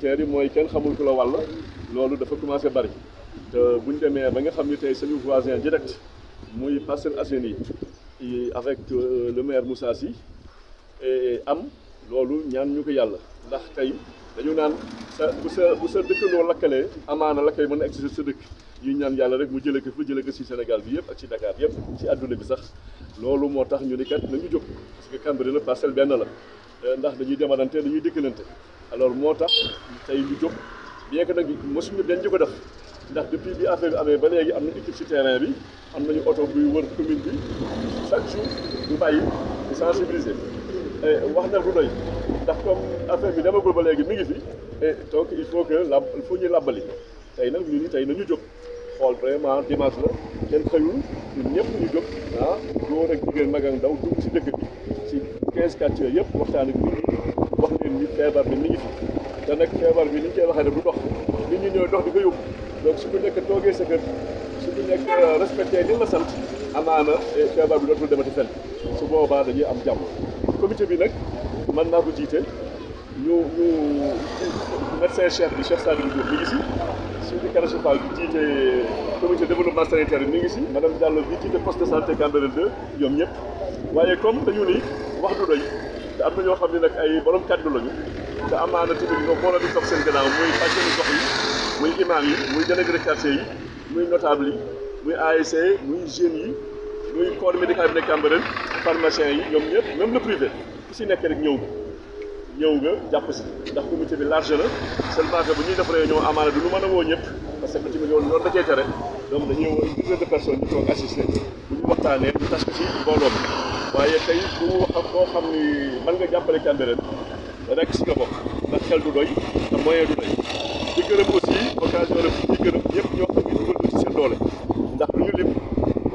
communautaire yi mooy kenn xamul ku la wàll loolu dafa commencé bari te bu ñu demee ba nga xam ni tey suñu voisin direct muy Parcelles Assainies yi avec euh, le maire Moussa Sy am loolu ñaan ñu ko yàlla ndax tey dañu naan sa bu sa bu sa dëkkandoo lakkalee amaana lakkay mën a egg sa dëkk yi ñaan yàlla rek mu jëlee ko fa jëlee ko ci Sénégal bi yëpp ak ci Dakar yëpp ci àdduna bi sax loolu moo tax ñu ni kat nañu jóg parce que Cambérène Parcelles benn la ndax dañuy demalante dañuy dëkkalante alors moo tax tey ñu jóg bien que nag mosuñu dañ ko def ndax depuis bi affaire bi amee ba léegi am na équipe ci terrain bi am nañu oto buy wër commune bi chaque jour du bàyyi di sensibiliser wax na du doy ndax comme affaire bi demagul ba léegi mi ngi fi et donc il faut que la il ñu làbbali tey nag ñu ni tey nañu jóg xool vraiment dimanche la kenn xëyul ñun ñëpp ñu jóg ah góor ak jigéen mag ak ndaw dugg ci dëkk bi ci 15 quartiers yëpp waxtaan ak fekkin ni feebar bi mi ngi fi te feebar bi ni ñu koy waxee ne du dox nit ñi ñooy dox di ko yóbbu donc su ku nekk toogee sa kër su ku nekk euh, respecté li la sant amaana eh, feebar bi dootul demati fenn su boobaa dañuy am jàmm comité bi nag man naa ko jiite ñu ñu médecin chef bi chef Sadibou Diouf mi ngi si suñu caracifal bi jiite comité développement sanitaire bi mi ngi si madame Diallo bi jiite poste de santé Cambérène 2 yoom ñëpp waaye comme dañu ni wax du doy te am na ñoo xam ne nag ay borom kàddu lañu te amaana tamit ñoom moo la di topp seen gannaaw muy pàccali gox yi muy imam yi muy délégué quartier yi muy notable yi muy ASC muy jeunes yi muy corps médical bi nekk pharmacien yi ñoom ñëpp même le privé ku si nekk rek ñëw ñëw nga jàpp si ndax comité bi large la seulement que bu ñuy def réunion amaana du ñu mën a woo ñëpp parce que bu ci yoon loolu da cee tere donc dañuy woo une de personnes ñu waaye tey bu mu wax ak koo xam ni mën nga jàppale Cambérène rek si nga bokk ndax xel du doy te moyen du doy di gërëm aussi occasion ndax lu ñu lim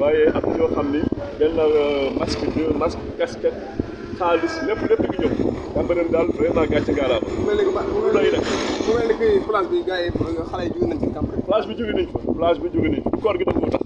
waaye am na ñoo xam ni benn euh, masque deux masque casquette xaalis lépp lépp di ñëw Cambérène daal vraiment gàcce gaalaama. bu mel ni nag plage bi gars yi xale plage bi jóge nañ fa plage gi nag moo tax.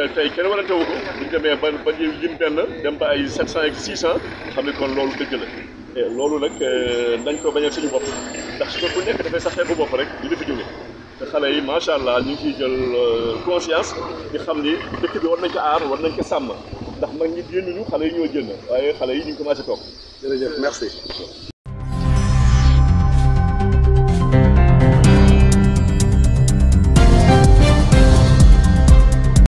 te tey kenn war a taw ko bu ñu demee ba ba ñu lim benn dem ba ay 700 ak 600 xam ne kon loolu dëgg la te loolu nag euh, nañ ko bañal suñu bopp ndax su ko ku nekk dafay saxee bu bopp rek di dafa jóge te xale yi macha allah ñu ngi ciy jël euh, conscience di xam ni dëkk bi war nañ ko aar war nañ ko sàmm ndax mag ñi génnuñu xale yi ñoo génn waaye xale yi ñu ngi commencé toog. jërëjëf merci.